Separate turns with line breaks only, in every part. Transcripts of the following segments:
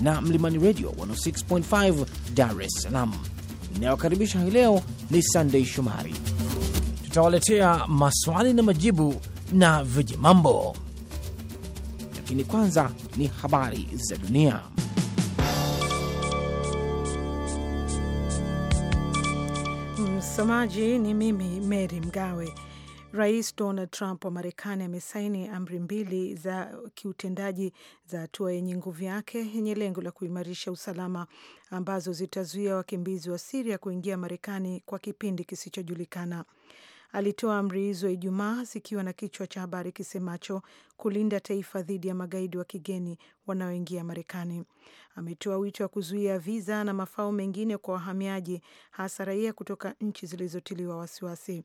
na Mlimani Radio 106.5 Dar es Salaam. Inayokaribisha hii leo ni Sandei Shomari. Tutawaletea maswali na majibu na vijimambo, lakini kwanza ni habari za dunia.
Msomaji ni mimi Meri Mgawe. Rais Donald Trump wa Marekani amesaini amri mbili za kiutendaji za hatua yenye nguvu yake yenye lengo la kuimarisha usalama ambazo zitazuia wakimbizi wa Siria kuingia Marekani kwa kipindi kisichojulikana. Alitoa amri hizo Ijumaa zikiwa na kichwa cha habari kisemacho kulinda taifa dhidi ya magaidi wa kigeni wanaoingia Marekani. Ametoa wito wa kuzuia viza na mafao mengine kwa wahamiaji, hasa raia kutoka nchi zilizotiliwa wasiwasi.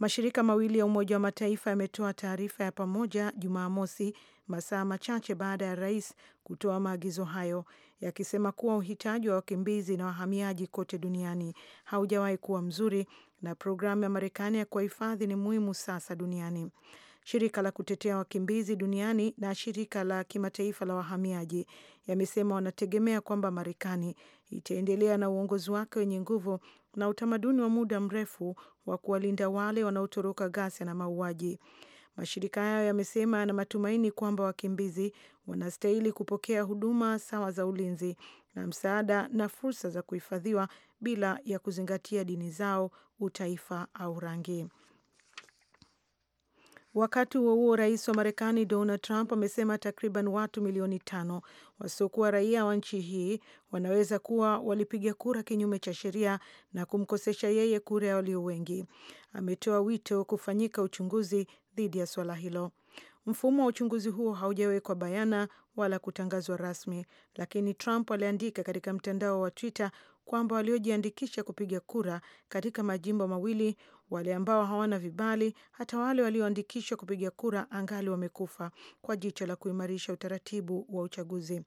Mashirika mawili ya Umoja wa Mataifa yametoa taarifa ya pamoja Jumamosi, masaa machache baada ya rais kutoa maagizo hayo yakisema kuwa uhitaji wa wakimbizi na wahamiaji kote duniani haujawahi kuwa mzuri na programu ya Marekani ya kuwahifadhi ni muhimu sasa duniani. Shirika la kutetea wakimbizi duniani na shirika la kimataifa la wahamiaji yamesema wanategemea kwamba Marekani itaendelea na uongozi wake wenye nguvu na utamaduni wa muda mrefu wa kuwalinda wale wanaotoroka ghasia na mauaji. Mashirika hayo yamesema yana matumaini kwamba wakimbizi wanastahili kupokea huduma sawa za ulinzi na msaada na fursa za kuhifadhiwa bila ya kuzingatia dini zao, utaifa au rangi. Wakati huo huo, rais wa Marekani Donald Trump amesema takriban watu milioni tano wasiokuwa raia wa nchi hii wanaweza kuwa walipiga kura kinyume cha sheria na kumkosesha yeye kura ya walio wengi. Ametoa wito kufanyika uchunguzi dhidi ya swala hilo. Mfumo wa uchunguzi huo haujawekwa bayana wala kutangazwa rasmi, lakini Trump aliandika katika mtandao wa Twitter kwamba waliojiandikisha kupiga kura katika majimbo mawili wale ambao hawana vibali, hata wale walioandikishwa kupiga kura, angali wamekufa kwa jicho la kuimarisha utaratibu wa uchaguzi.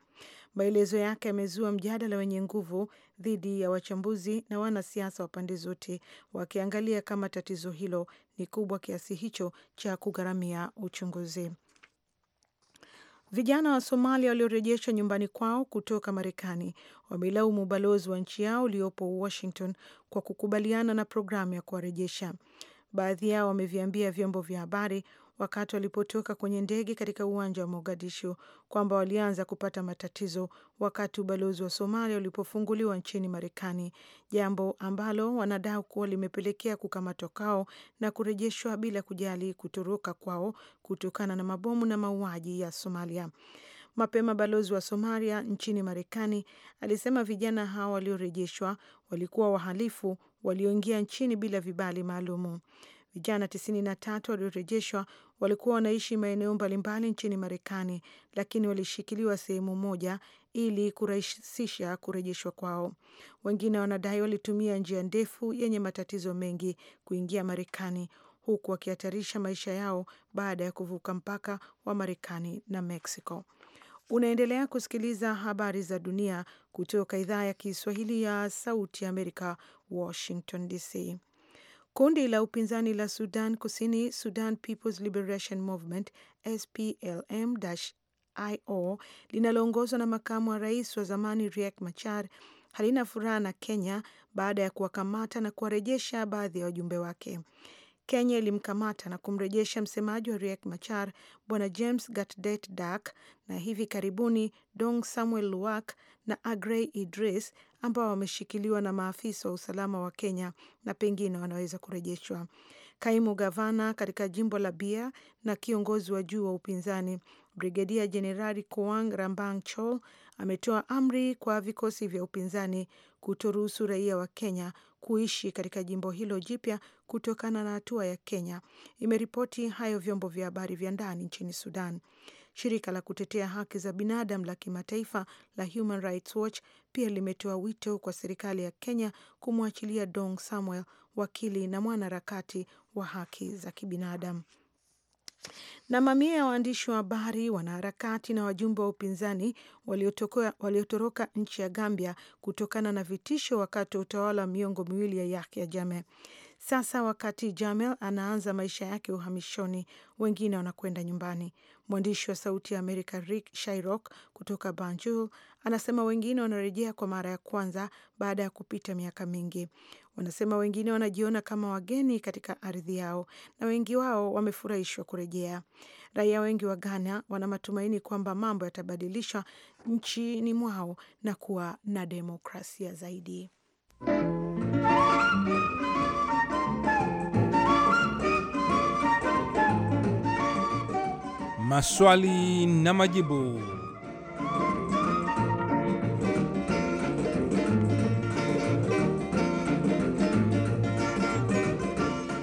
Maelezo yake yamezua mjadala wenye nguvu dhidi ya wachambuzi na wanasiasa wa pande zote, wakiangalia kama tatizo hilo ni kubwa kiasi hicho cha kugharamia uchunguzi. Vijana wa Somalia waliorejeshwa nyumbani kwao kutoka Marekani wamelaumu ubalozi wa nchi yao uliopo Washington kwa kukubaliana na programu ya kuwarejesha. Baadhi yao wameviambia vyombo vya habari wakati walipotoka kwenye ndege katika uwanja wa Mogadishu kwamba walianza kupata matatizo wakati ubalozi wa Somalia ulipofunguliwa nchini Marekani, jambo ambalo wanadao kuwa limepelekea kukamatwa kwao na kurejeshwa bila kujali kutoroka kwao kutokana na mabomu na mauaji ya Somalia. Mapema balozi wa Somalia nchini Marekani alisema vijana hao waliorejeshwa walikuwa wahalifu walioingia nchini bila vibali maalumu. Vijana 93 waliorejeshwa walikuwa wanaishi maeneo mbalimbali nchini Marekani, lakini walishikiliwa sehemu moja ili kurahisisha kurejeshwa kwao. Wengine wanadai walitumia njia ndefu yenye matatizo mengi kuingia Marekani, huku wakihatarisha maisha yao baada ya kuvuka mpaka wa Marekani na Mexico. Unaendelea kusikiliza habari za dunia kutoka idhaa ya Kiswahili ya Sauti ya Amerika, Washington DC. Kundi la upinzani la Sudan Kusini, Sudan People's Liberation Movement SPLM-IO, linaloongozwa na makamu wa rais wa zamani Riek Machar halina furaha na Kenya baada ya kuwakamata na kuwarejesha baadhi ya wajumbe wake. Kenya ilimkamata na kumrejesha msemaji wa Riek Machar Bwana James Gatdet Dak na hivi karibuni Dong Samuel luak na Agrey Idris ambao wameshikiliwa na maafisa wa usalama wa Kenya na pengine wanaweza kurejeshwa. Kaimu gavana katika jimbo la Bia na kiongozi wa juu wa upinzani Brigedia Jenerali Koang Rambang Chol ametoa amri kwa vikosi vya upinzani kutoruhusu raia wa Kenya kuishi katika jimbo hilo jipya kutokana na hatua ya Kenya. Imeripoti hayo vyombo vya habari vya ndani nchini Sudan. Shirika la kutetea haki za binadamu la kimataifa la Human Rights Watch pia limetoa wito kwa serikali ya Kenya kumwachilia Dong Samuel, wakili na mwanaharakati wa haki za kibinadamu. Na mamia ya waandishi wa habari, wanaharakati na wajumbe wa upinzani waliotoroka nchi ya Gambia kutokana na vitisho wakati wa utawala wa miongo miwili ya Yahya Jammeh sasa wakati Jamel anaanza maisha yake uhamishoni, wengine wanakwenda nyumbani. Mwandishi wa Sauti ya Amerika Rick Shairok kutoka Banjul anasema wengine wanarejea kwa mara ya kwanza baada ya kupita miaka mingi. Wanasema wengine wanajiona kama wageni katika ardhi yao na wengi wao wamefurahishwa kurejea. Raia wengi wa Ghana wana matumaini kwamba mambo yatabadilishwa nchini mwao na kuwa na demokrasia zaidi.
maswali na majibu.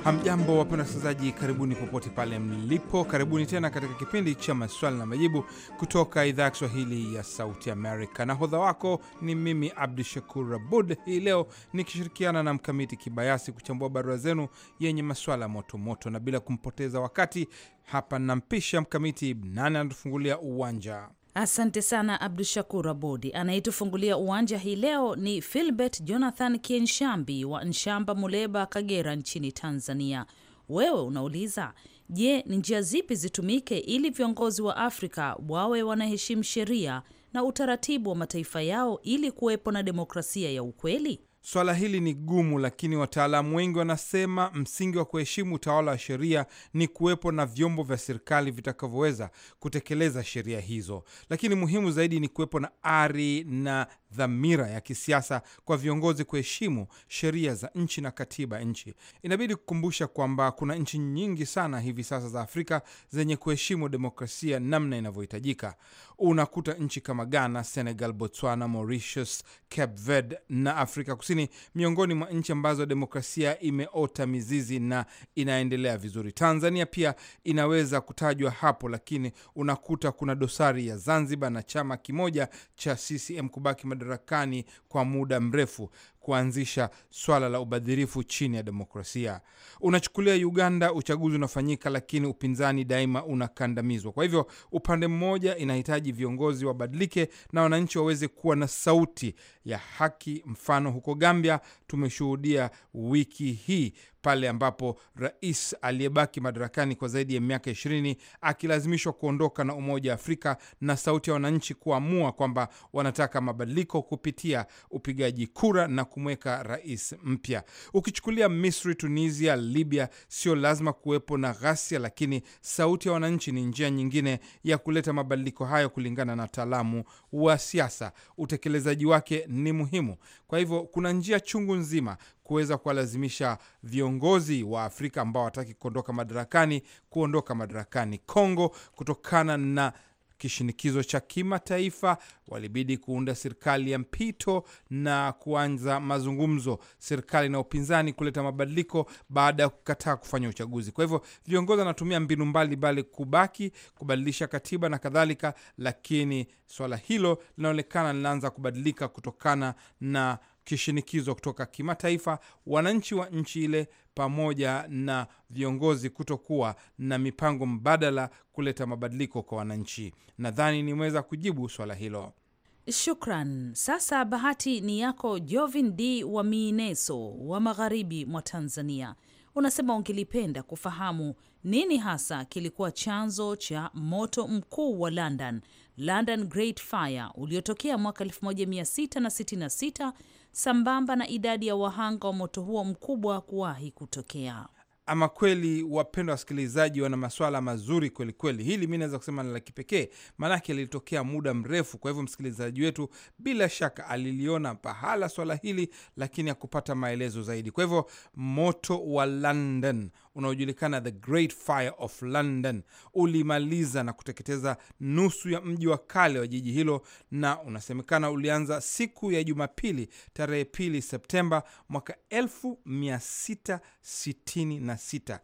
Hamjambo, wapenda wasikilizaji, karibuni popote pale mlipo. Karibuni tena katika kipindi cha maswali na majibu kutoka idhaa ya Kiswahili ya Sauti Amerika. Nahodha wako ni mimi Abdu Shakur Abud, hii leo nikishirikiana na Mkamiti Kibayasi kuchambua barua zenu yenye maswala motomoto, na bila kumpoteza wakati hapa nampisha Mkamiti nane anatufungulia uwanja.
Asante sana Abdu Shakur abodi Anayetufungulia uwanja hii leo ni Filbert Jonathan Kienshambi wa Nshamba, Muleba, Kagera nchini Tanzania. Wewe unauliza, je, ni njia zipi zitumike ili viongozi wa Afrika wawe wanaheshimu sheria na utaratibu wa mataifa yao ili kuwepo na demokrasia ya ukweli?
Swala hili ni gumu, lakini wataalamu wengi wanasema msingi wa kuheshimu utawala wa sheria ni kuwepo na vyombo vya serikali vitakavyoweza kutekeleza sheria hizo, lakini muhimu zaidi ni kuwepo na ari na dhamira ya kisiasa kwa viongozi kuheshimu sheria za nchi na katiba ya nchi. Inabidi kukumbusha kwamba kuna nchi nyingi sana hivi sasa za Afrika zenye kuheshimu demokrasia namna inavyohitajika. Unakuta nchi kama Ghana, Senegal, Botswana, Mauritius, Cape Verde na Afrika Kusini miongoni mwa nchi ambazo demokrasia imeota mizizi na inaendelea vizuri. Tanzania pia inaweza kutajwa hapo, lakini unakuta kuna dosari ya Zanzibar na chama kimoja cha CCM kubaki madarakani kwa muda mrefu kuanzisha swala la ubadhirifu chini ya demokrasia. Unachukulia Uganda uchaguzi unafanyika, lakini upinzani daima unakandamizwa. Kwa hivyo, upande mmoja inahitaji viongozi wabadilike na wananchi waweze kuwa na sauti ya haki. Mfano, huko Gambia tumeshuhudia wiki hii pale ambapo rais aliyebaki madarakani kwa zaidi ya miaka ishirini akilazimishwa kuondoka na Umoja wa Afrika na sauti ya wananchi kuamua kwamba wanataka mabadiliko kupitia upigaji kura na kumweka rais mpya. Ukichukulia Misri, Tunisia, Libya, sio lazima kuwepo na ghasia, lakini sauti ya wananchi ni njia nyingine ya kuleta mabadiliko hayo, kulingana na wataalamu wa siasa. Utekelezaji wake ni muhimu. Kwa hivyo kuna njia chungu nzima kuweza kuwalazimisha viongozi wa Afrika ambao hawataki kuondoka madarakani kuondoka madarakani. Kongo, kutokana na kishinikizo cha kimataifa, walibidi kuunda serikali ya mpito na kuanza mazungumzo, serikali na upinzani kuleta mabadiliko baada ya kukataa kufanya uchaguzi. Kwa hivyo viongozi wanatumia mbinu mbalimbali kubaki, kubadilisha katiba na kadhalika, lakini swala hilo linaonekana linaanza kubadilika kutokana na kishinikizo kutoka kimataifa, wananchi wa nchi ile pamoja na viongozi kutokuwa na mipango mbadala kuleta mabadiliko kwa wananchi. Nadhani nimeweza kujibu swala hilo.
Shukran. Sasa bahati ni yako, Jovin D wa Miineso wa magharibi mwa Tanzania. Unasema ungelipenda kufahamu nini hasa kilikuwa chanzo cha moto mkuu wa London, London Great Fire uliotokea mwaka 1666 sambamba na idadi ya wahanga wa moto huo mkubwa kuwahi kutokea.
Ama kweli, wapendwa wasikilizaji, wana maswala mazuri kwelikweli kweli. Hili mi naweza kusema ni la kipekee, maanake lilitokea muda mrefu. Kwa hivyo msikilizaji wetu bila shaka aliliona pahala swala hili, lakini hakupata maelezo zaidi. Kwa hivyo moto wa London unaojulikana The Great Fire of London ulimaliza na kuteketeza nusu ya mji wa kale wa jiji hilo, na unasemekana ulianza siku ya Jumapili tarehe pili Septemba mwaka 1666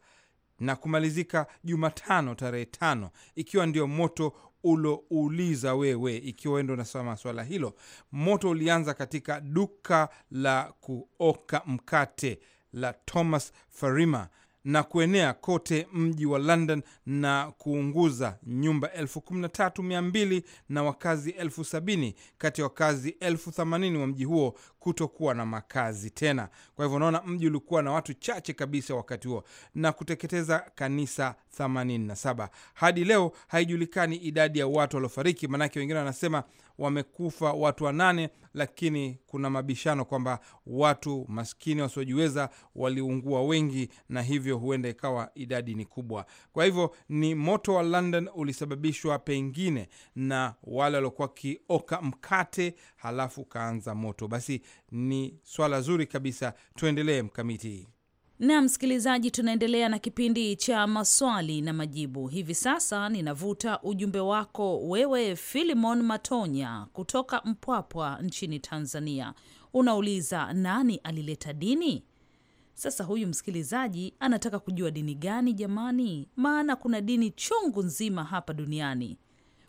na kumalizika Jumatano tarehe tano, ikiwa ndio moto ulouliza wewe, ikiwa endo unasoma swala hilo. Moto ulianza katika duka la kuoka mkate la Thomas Farima na kuenea kote mji wa London na kuunguza nyumba elfu kumi na tatu mia mbili na wakazi elfu sabini kati ya wakazi elfu themanini wa mji huo kutokuwa na makazi tena. Kwa hivyo unaona mji ulikuwa na watu chache kabisa wakati huo, na kuteketeza kanisa 87. Hadi leo haijulikani idadi ya watu waliofariki, maanake wengine wanasema wamekufa watu wanane, lakini kuna mabishano kwamba watu maskini wasiojiweza waliungua wengi, na hivyo huenda ikawa idadi ni kubwa. Kwa hivyo ni moto wa London ulisababishwa pengine na wale waliokuwa wakioka mkate, halafu ukaanza moto. Basi ni swala zuri kabisa, tuendelee mkamiti.
Na msikilizaji, tunaendelea na kipindi cha maswali na majibu. Hivi sasa ninavuta ujumbe wako wewe, Filimon Matonya kutoka Mpwapwa nchini Tanzania. Unauliza, nani alileta dini? Sasa huyu msikilizaji anataka kujua dini gani jamani, maana kuna dini chungu nzima hapa duniani.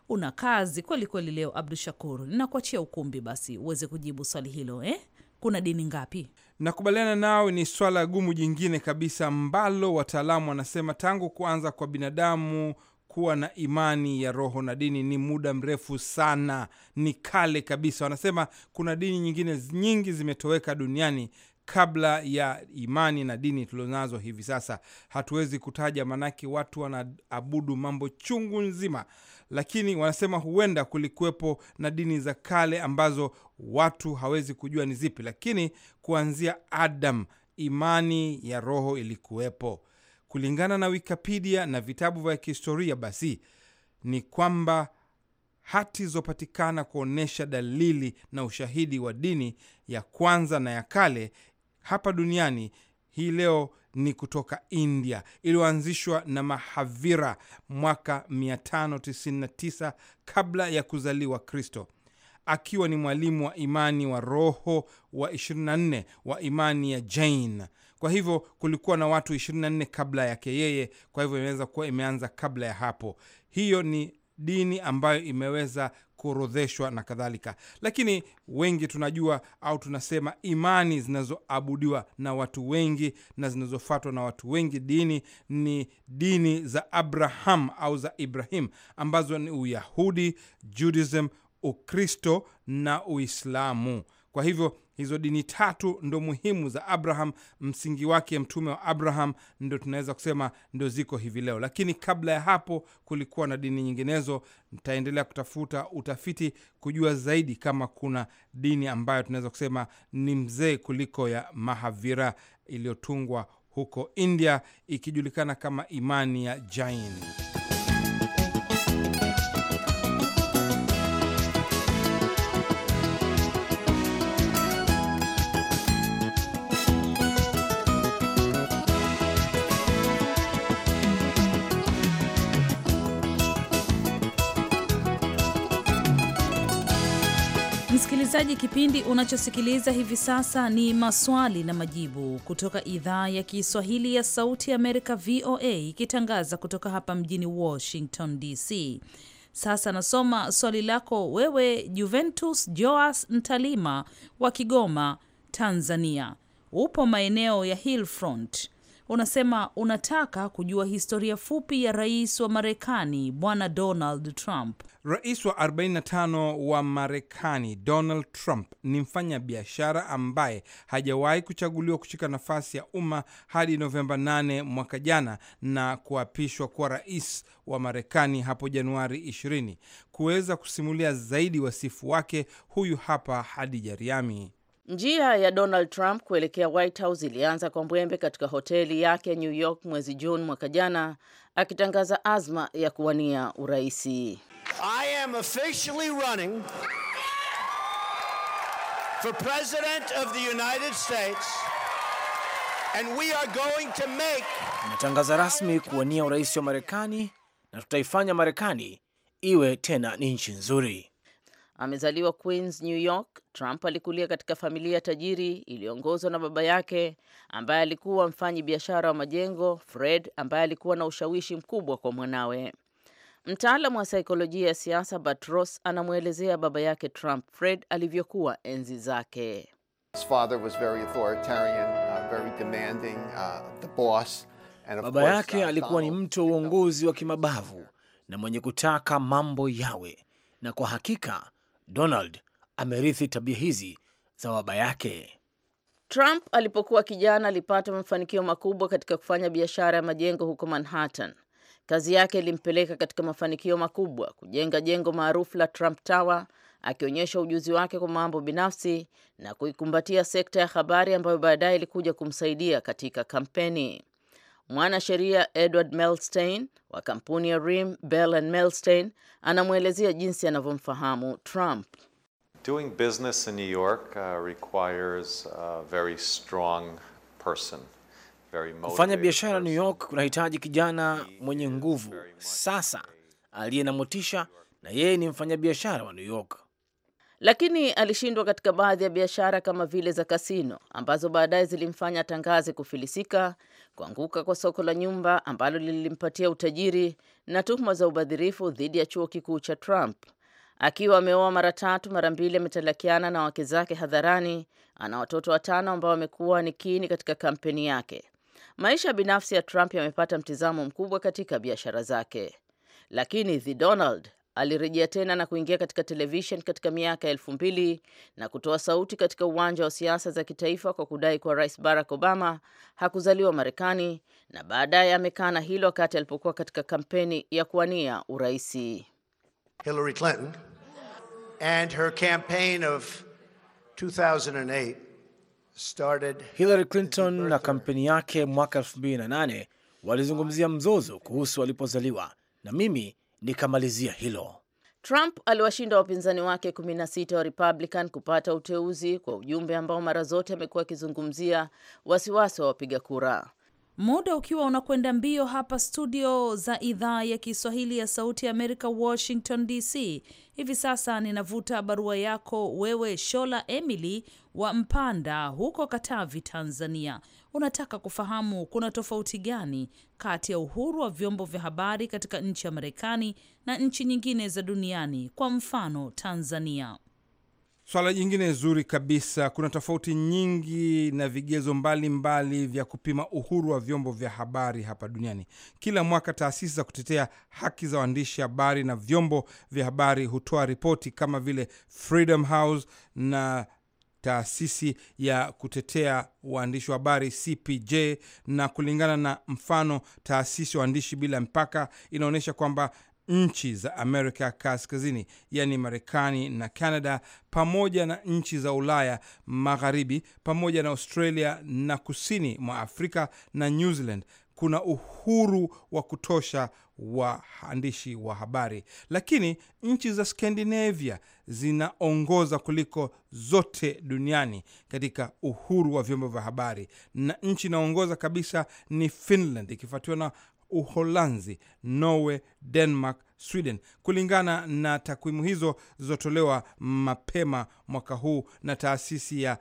Una kazi kweli kweli leo, Abdu Shakur, ninakuachia
ukumbi basi uweze kujibu swali hilo eh? Kuna dini ngapi? Nakubaliana nawe, ni swala gumu jingine kabisa ambalo wataalamu wanasema tangu kuanza kwa binadamu kuwa na imani ya roho na dini ni muda mrefu sana, ni kale kabisa. Wanasema kuna dini nyingine nyingi zimetoweka duniani kabla ya imani na dini tulionazo hivi sasa. Hatuwezi kutaja, maanake watu wanaabudu mambo chungu nzima, lakini wanasema huenda kulikuwepo na dini za kale ambazo watu hawezi kujua ni zipi, lakini kuanzia Adam imani ya roho ilikuwepo. Kulingana na Wikipedia na vitabu vya kihistoria, basi ni kwamba hati zilizopatikana kuonyesha dalili na ushahidi wa dini ya kwanza na ya kale hapa duniani hii leo ni kutoka India. Iliyoanzishwa na Mahavira mwaka 599 kabla ya kuzaliwa Kristo, akiwa ni mwalimu wa imani wa roho wa 24 wa imani ya Jain. Kwa hivyo kulikuwa na watu 24 kabla yake yeye, kwa hivyo inaweza kuwa imeanza kabla ya hapo. Hiyo ni dini ambayo imeweza kuorodheshwa na kadhalika. Lakini wengi tunajua au tunasema imani zinazoabudiwa na watu wengi na zinazofuatwa na watu wengi dini ni dini za Abraham au za Ibrahim ambazo ni Uyahudi, Judaism, Ukristo na Uislamu. Kwa hivyo Hizo dini tatu ndo muhimu za Abraham, msingi wake mtume wa Abraham, ndo tunaweza kusema ndo ziko hivi leo, lakini kabla ya hapo kulikuwa na dini nyinginezo. Nitaendelea kutafuta utafiti kujua zaidi kama kuna dini ambayo tunaweza kusema ni mzee kuliko ya Mahavira iliyotungwa huko India ikijulikana kama imani ya Jaini.
Msikilizaji, kipindi unachosikiliza hivi sasa ni maswali na majibu kutoka idhaa ya Kiswahili ya Sauti Amerika, VOA, ikitangaza kutoka hapa mjini Washington DC. Sasa nasoma swali lako wewe, Juventus Joas Ntalima wa Kigoma, Tanzania. Upo maeneo ya Hillfront unasema unataka kujua historia fupi ya rais wa Marekani Bwana Donald
Trump. Rais wa 45 wa Marekani Donald Trump ni mfanya biashara ambaye hajawahi kuchaguliwa kushika nafasi ya umma hadi Novemba 8 mwaka jana na kuapishwa kuwa rais wa Marekani hapo Januari 20. Kuweza kusimulia zaidi wasifu wake, huyu hapa Hadija Riami.
Njia ya Donald Trump kuelekea White House ilianza kwa mbwembe katika hoteli yake New York mwezi Juni mwaka jana, akitangaza azma ya kuwania uraisi.
I am officially running for president of the United States and we are going to make...
Natangaza rasmi kuwania urais wa Marekani na tutaifanya Marekani iwe tena ni nchi nzuri. Amezaliwa Queens,
New York. Trump alikulia katika familia tajiri iliyoongozwa na baba yake ambaye alikuwa mfanyi biashara wa majengo, Fred, ambaye alikuwa na ushawishi mkubwa kwa mwanawe. Mtaalamu wa saikolojia ya siasa Batros anamwelezea baba yake Trump Fred alivyokuwa enzi zake.
Baba yake alikuwa
ni mtu wa uongozi wa kimabavu na mwenye kutaka mambo yawe, na kwa hakika Donald amerithi tabia hizi za baba yake.
Trump alipokuwa kijana alipata mafanikio makubwa katika kufanya biashara ya majengo huko Manhattan. Kazi yake ilimpeleka katika mafanikio makubwa, kujenga jengo maarufu la Trump Tower, akionyesha ujuzi wake kwa mambo binafsi na kuikumbatia sekta ya habari ambayo baadaye ilikuja kumsaidia katika kampeni. Mwanasheria Edward Melstein wa kampuni ya Rim Bell and Melstein anamwelezea jinsi anavyomfahamu Trump. Doing business in New York uh, requires a very strong person.
Very motivated. Kufanya
biashara New York kunahitaji kijana mwenye nguvu, sasa aliye na motisha, na yeye ni mfanyabiashara wa New York. Lakini
alishindwa katika baadhi ya biashara kama vile za kasino ambazo baadaye zilimfanya tangaze kufilisika kuanguka kwa soko la nyumba ambalo lilimpatia utajiri na tuhuma za ubadhirifu dhidi ya chuo kikuu cha Trump. Akiwa ameoa mara tatu, mara mbili ametalakiana na wake zake hadharani. Ana watoto watano ambao wamekuwa ni kiini katika kampeni yake. Maisha binafsi ya Trump yamepata mtizamo mkubwa katika biashara zake, lakini The Donald Alirejea tena na kuingia katika televishen katika miaka elfu mbili na kutoa sauti katika uwanja wa siasa za kitaifa kwa kudai kuwa Rais Barack Obama hakuzaliwa Marekani, na baadaye na hilo wakati alipokuwa katika kampeni ya kuwania
uraisi.
Hillary Clinton and her campaign of 2008
Hillary Clinton na kampeni yake mwaka 2008 walizungumzia mzozo kuhusu alipozaliwa na mimi nikamalizia hilo.
Trump aliwashinda wapinzani wake 16 wa Republican kupata uteuzi kwa ujumbe ambao mara zote amekuwa akizungumzia wasiwasi wa wapiga kura. Muda ukiwa unakwenda mbio hapa studio za idhaa ya Kiswahili
ya Sauti ya Amerika, Washington DC. Hivi sasa ninavuta barua yako wewe, Shola Emily wa Mpanda huko Katavi, Tanzania unataka kufahamu kuna tofauti gani kati ya uhuru wa vyombo vya habari katika nchi ya Marekani na nchi nyingine za duniani, kwa mfano Tanzania.
Swala jingine zuri kabisa. Kuna tofauti nyingi na vigezo mbalimbali mbali vya kupima uhuru wa vyombo vya habari hapa duniani. Kila mwaka taasisi za kutetea haki za waandishi habari na vyombo vya habari hutoa ripoti kama vile Freedom House na taasisi ya kutetea waandishi wa habari CPJ, na kulingana na mfano taasisi waandishi bila mpaka inaonyesha kwamba nchi za Amerika Kaskazini, yaani Marekani na Canada, pamoja na nchi za Ulaya Magharibi, pamoja na Australia na kusini mwa Afrika na New Zealand kuna uhuru wa kutosha waandishi wa habari, lakini nchi za Skandinavia zinaongoza kuliko zote duniani katika uhuru wa vyombo vya habari, na nchi inaongoza kabisa ni Finland ikifuatiwa na Uholanzi, Norway, Denmark, Sweden kulingana na takwimu hizo zilizotolewa mapema mwaka huu na taasisi ya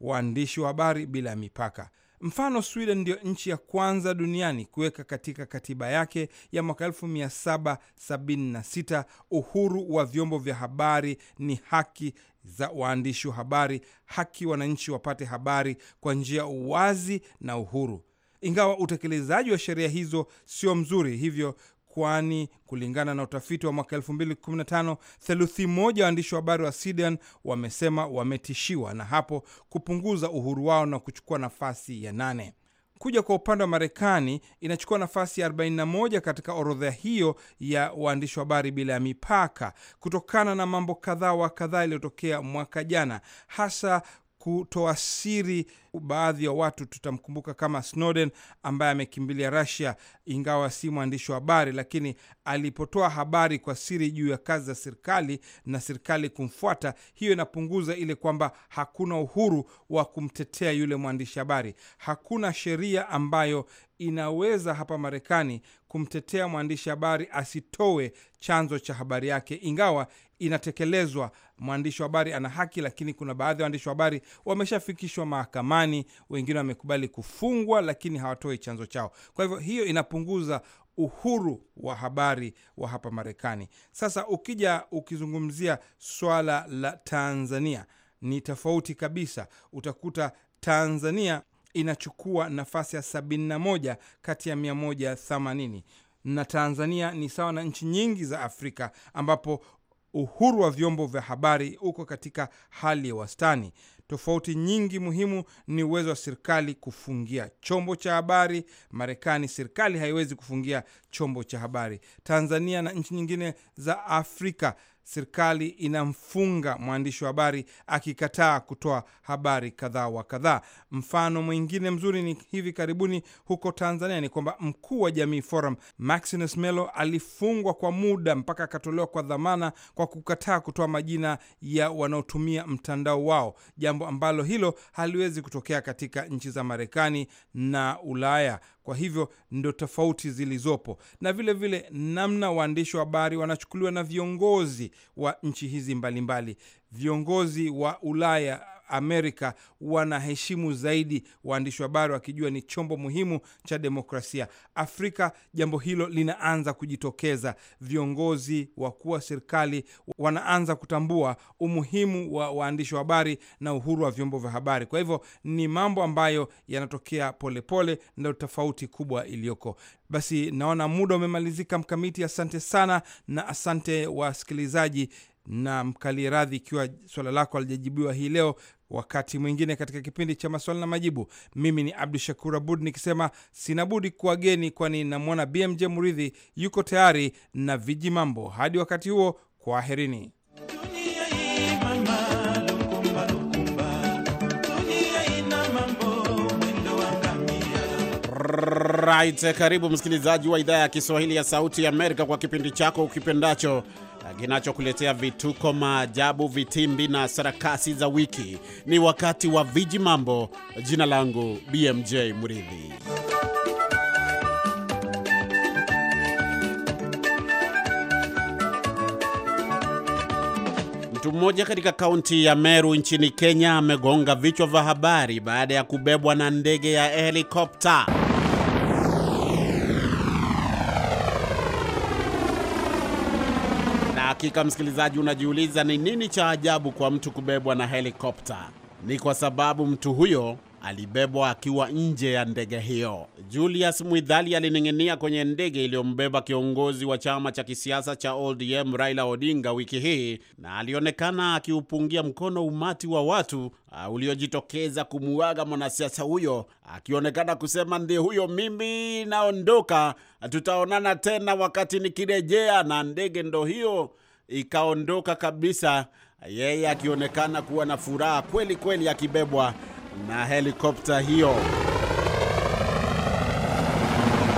waandishi wa habari bila ya mipaka. Mfano, Sweden ndiyo nchi ya kwanza duniani kuweka katika katiba yake ya mwaka 1776 uhuru wa vyombo vya habari ni haki za waandishi wa habari, haki wananchi wapate habari kwa njia uwazi na uhuru. Ingawa utekelezaji wa sheria hizo sio mzuri, hivyo kwani kulingana na utafiti wa mwaka 2015 theluthi moja waandishi wa habari wa Sweden wamesema wametishiwa na hapo kupunguza uhuru wao na kuchukua nafasi ya nane. Kuja kwa upande wa Marekani inachukua nafasi ya 41 katika orodha hiyo ya waandishi wa habari bila ya mipaka, kutokana na mambo kadhaa wa kadhaa yaliyotokea mwaka jana, hasa kutoa siri baadhi ya watu. Tutamkumbuka kama Snowden ambaye amekimbilia rasia ingawa si mwandishi wa habari, lakini alipotoa habari kwa siri juu ya kazi za serikali na serikali kumfuata, hiyo inapunguza ile kwamba hakuna uhuru wa kumtetea yule mwandishi habari. Hakuna sheria ambayo inaweza hapa Marekani kumtetea mwandishi habari asitoe chanzo cha habari yake, ingawa inatekelezwa. Mwandishi wa habari ana haki, lakini kuna baadhi ya waandishi wa habari wameshafikishwa mahakamani, wengine wamekubali kufungwa, lakini hawatoi chanzo chao. Kwa hivyo hiyo inapunguza uhuru wa habari wa hapa Marekani. Sasa ukija ukizungumzia swala la Tanzania ni tofauti kabisa, utakuta Tanzania inachukua nafasi ya 71 kati ya 180 na Tanzania ni sawa na nchi nyingi za Afrika ambapo uhuru wa vyombo vya habari uko katika hali ya wastani. Tofauti nyingi muhimu ni uwezo wa serikali kufungia chombo cha habari. Marekani, serikali haiwezi kufungia chombo cha habari. Tanzania na nchi nyingine za Afrika serikali inamfunga mwandishi wa habari akikataa kutoa habari kadhaa wa kadhaa. Mfano mwingine mzuri ni hivi karibuni huko Tanzania, ni kwamba mkuu wa Jamii Forum Maximus Melo alifungwa kwa muda mpaka akatolewa kwa dhamana kwa kukataa kutoa majina ya wanaotumia mtandao wao, jambo ambalo hilo haliwezi kutokea katika nchi za Marekani na Ulaya kwa hivyo ndo tofauti zilizopo, na vile vile namna waandishi wa habari wanachukuliwa na viongozi wa nchi hizi mbalimbali mbali. Viongozi wa Ulaya Amerika wanaheshimu zaidi waandishi wa habari, wakijua ni chombo muhimu cha demokrasia. Afrika jambo hilo linaanza kujitokeza, viongozi wakuu wa serikali wanaanza kutambua umuhimu wa waandishi wa habari na uhuru wa vyombo vya habari. Kwa hivyo ni mambo ambayo yanatokea polepole, ndio tofauti kubwa iliyoko. Basi naona muda umemalizika. Mkamiti, asante sana na asante wasikilizaji na mkali radhi ikiwa swala lako alijajibiwa hii leo, wakati mwingine katika kipindi cha maswali na majibu. Mimi ni Abdu Shakur Abud nikisema sinabudi kuwageni, kwani namwona BMJ Muridhi yuko tayari na viji mambo. Hadi wakati huo, kwaherini.
Alright, karibu msikilizaji wa idhaa ya Kiswahili ya Sauti ya Amerika kwa kipindi chako ukipendacho eh, kinachokuletea vituko, maajabu, vitimbi na sarakasi za wiki. Ni wakati wa viji mambo. Jina langu BMJ Mridhi. Mtu mmoja katika kaunti ya Meru nchini Kenya amegonga vichwa vya habari baada ya kubebwa na ndege ya helikopta. hakika, msikilizaji, unajiuliza ni nini cha ajabu kwa mtu kubebwa na helikopta? Ni kwa sababu mtu huyo alibebwa akiwa nje ya ndege hiyo. Julius Mwidhali alining'inia kwenye ndege iliyombeba kiongozi wa chama cha kisiasa cha oldm Raila Odinga wiki hii, na alionekana akiupungia mkono umati wa watu uh, uliojitokeza kumuaga mwanasiasa huyo, akionekana kusema ndi huyo, mimi naondoka, tutaonana tena wakati nikirejea. Na ndege ndo hiyo ikaondoka kabisa, yeye akionekana kuwa na furaha kweli kweli, akibebwa na helikopta hiyo.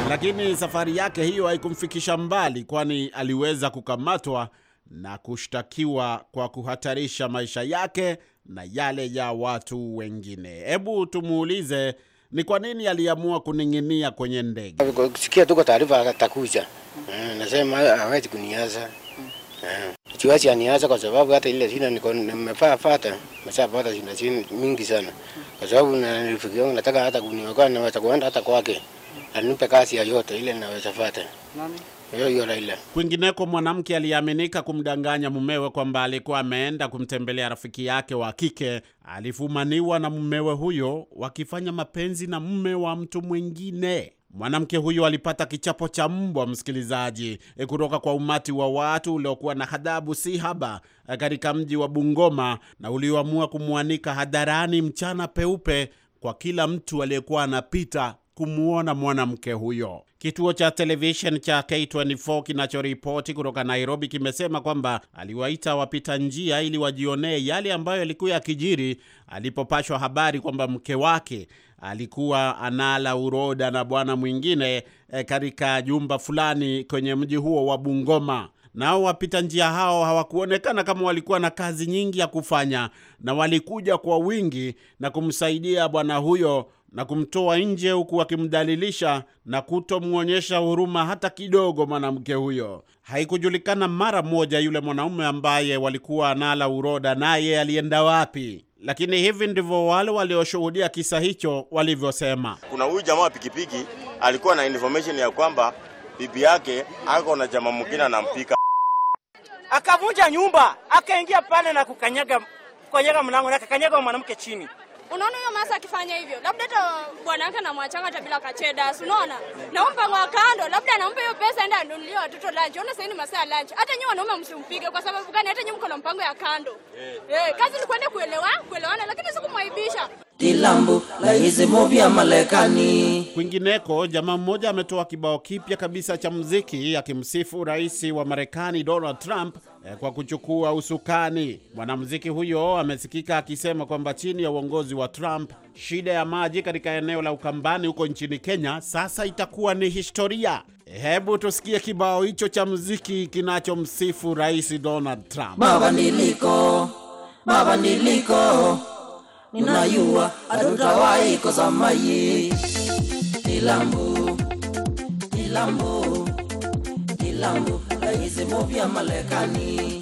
Lakini safari yake hiyo haikumfikisha mbali, kwani aliweza kukamatwa na kushtakiwa kwa kuhatarisha maisha yake na yale ya watu wengine. Hebu tumuulize ni kwa nini aliamua kuning'inia kwenye ndege.
Kusikia tuko taarifa atakuja, eh, nasema hawezi kuniaza Kiwasi aniaza kwa sababu hata ile shina niko nimefaa fata, mshaapata sina chini mingi sana. Kwa sababu na rafiki yangu nataka hata kuniokoa na hata kuenda hata kwake. Anipe kazi yoyote ile naweza fata. Nani? Hiyo hiyo Raila.
Kwingineko mwanamke aliaminika kumdanganya mumewe kwamba alikuwa ameenda kumtembelea rafiki yake wa kike, alifumaniwa na mumewe huyo wakifanya mapenzi na mume wa mtu mwingine. Mwanamke huyu alipata kichapo cha mbwa, msikilizaji, eh, kutoka kwa umati wa watu uliokuwa na hadhabu si haba eh, katika mji wa Bungoma na ulioamua kumwanika hadharani mchana peupe kwa kila mtu aliyekuwa anapita kumwona mwanamke huyo. Kituo cha televishen cha K24 kinachoripoti kutoka Nairobi kimesema kwamba aliwaita wapita njia ili wajionee yale ambayo yalikuwa yakijiri alipopashwa habari kwamba mke wake alikuwa anala uroda na bwana mwingine e, katika jumba fulani kwenye mji huo wa Bungoma. Nao wapita njia hao hawakuonekana kama walikuwa na kazi nyingi ya kufanya, na walikuja kwa wingi na kumsaidia bwana huyo na kumtoa nje huku akimdalilisha na kutomwonyesha huruma hata kidogo mwanamke huyo. Haikujulikana mara moja yule mwanaume ambaye walikuwa anala uroda naye alienda wapi, lakini hivi ndivyo wale walioshuhudia kisa hicho walivyosema. Kuna huyu jamaa wa pikipiki alikuwa na information ya kwamba bibi yake ako na jamaa mwingine anampika,
akavunja nyumba, akaingia pale na kukanyaga, kukanyaga mlango na akakanyaga mwanamke chini
Unaona huyo masa akifanya hivyo, labda hata bwana yake anamwachanga hata bila kacheda, unaona? Na huyo mpango wa kando, labda anampa hiyo pesa aende anunulie watoto lunch. Unaona sasa ni masaa ya lunch. Hata nyinyi wanaume msimpige kwa sababu gani? Hata nyinyi mko na mpango ya kando. Eh, eh kazi ni kwenda kuelewa, kuelewana lakini si kumwaibisha. Dilambu
la hizi movie ya Marekani. Kwingineko, jamaa mmoja ametoa kibao kipya kabisa cha muziki akimsifu rais wa Marekani Donald Trump eh, kwa kuchukua usukani. Mwanamuziki huyo amesikika akisema kwamba chini ya uongozi wa Trump, shida ya maji katika eneo la Ukambani huko nchini Kenya sasa itakuwa ni historia. Hebu tusikie kibao hicho cha muziki kinachomsifu rais Donald Trump. Mabadiliko,
niliko ninayua
adutawai
kozamayi
ilambu ilambu ilambu raisi movya malekani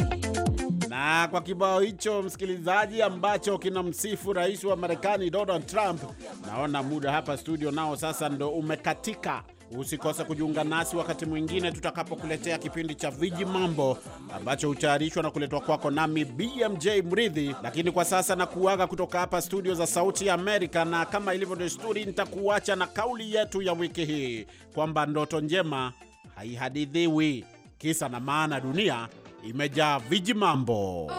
na kwa kibao hicho msikilizaji, ambacho kinamsifu rais wa Marekani Donald Trump, naona muda hapa studio nao sasa ndo umekatika. Usikose kujiunga nasi wakati mwingine tutakapokuletea kipindi cha Viji Mambo ambacho hutayarishwa na kuletwa kwako nami BMJ Mridhi. Lakini kwa sasa nakuaga kutoka hapa studio za Sauti ya Amerika, na kama ilivyo desturi, nitakuacha na kauli yetu ya wiki hii kwamba ndoto njema haihadithiwi. Kisa na maana dunia imejaa viji mambo. Oh,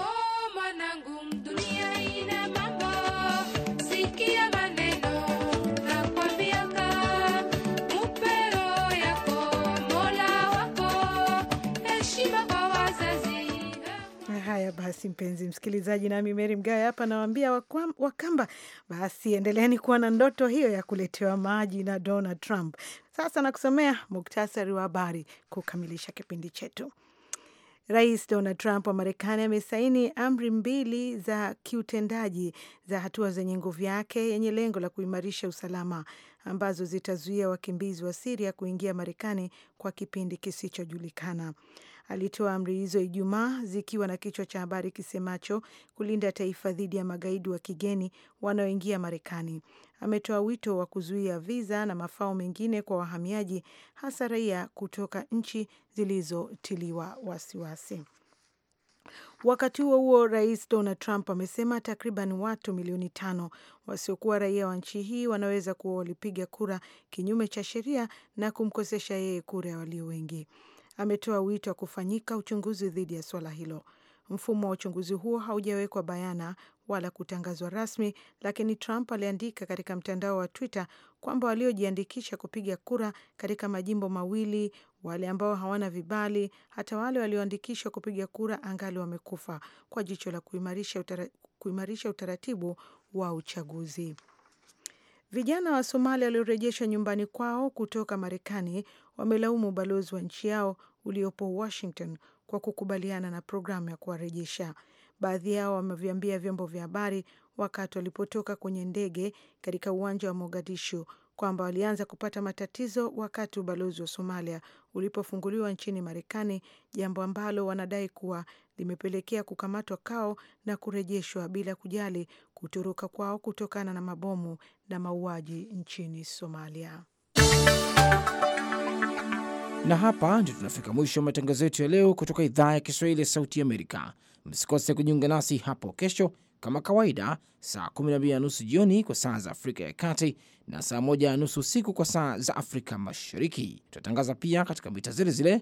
basi, mpenzi msikilizaji, nami Meri Mgawe hapa nawaambia Wakamba, basi endeleeni kuwa na ndoto hiyo ya kuletewa maji na Donald Trump. Sasa nakusomea muktasari wa habari kukamilisha kipindi chetu. Rais Donald Trump wa Marekani amesaini amri mbili za kiutendaji za hatua zenye nguvu yake yenye lengo la kuimarisha usalama ambazo zitazuia wakimbizi wa Siria kuingia Marekani kwa kipindi kisichojulikana alitoa amri hizo Ijumaa zikiwa na kichwa cha habari kisemacho kulinda taifa dhidi ya magaidi wa kigeni wanaoingia Marekani. Ametoa wito wa kuzuia viza na mafao mengine kwa wahamiaji, hasa raia kutoka nchi zilizotiliwa wasiwasi. Wakati huo huo, rais Donald Trump amesema takriban watu milioni tano wasiokuwa raia wa nchi hii wanaweza kuwa walipiga kura kinyume cha sheria na kumkosesha yeye kura ya walio wengi ametoa wito wa kufanyika uchunguzi dhidi ya swala hilo. Mfumo wa uchunguzi huo haujawekwa bayana wala kutangazwa rasmi, lakini Trump aliandika katika mtandao wa Twitter kwamba waliojiandikisha kupiga kura katika majimbo mawili, wale ambao hawana vibali, hata wale walioandikishwa kupiga kura angali wamekufa, kwa jicho la kuimarisha, utara, kuimarisha utaratibu wa uchaguzi. Vijana wa Somalia waliorejeshwa nyumbani kwao kutoka Marekani wamelaumu ubalozi wa nchi yao uliopo Washington kwa kukubaliana na programu ya kuwarejesha. Baadhi yao wameviambia vyombo vya habari wakati walipotoka kwenye ndege katika uwanja wa Mogadishu kwamba walianza kupata matatizo wakati ubalozi wa Somalia ulipofunguliwa nchini Marekani, jambo ambalo wanadai kuwa limepelekea kukamatwa kao na kurejeshwa bila kujali kutoroka kwao kutokana na mabomu na mauaji nchini Somalia.
Na hapa ndio tunafika mwisho wa matangazo yetu ya leo kutoka idhaa ya Kiswahili ya Sauti Amerika. Msikose kujiunga nasi hapo kesho kama kawaida, saa 12 na nusu jioni kwa saa za Afrika ya Kati na saa 1 na nusu usiku kwa saa za Afrika Mashariki. tunatangaza pia katika mita zile zile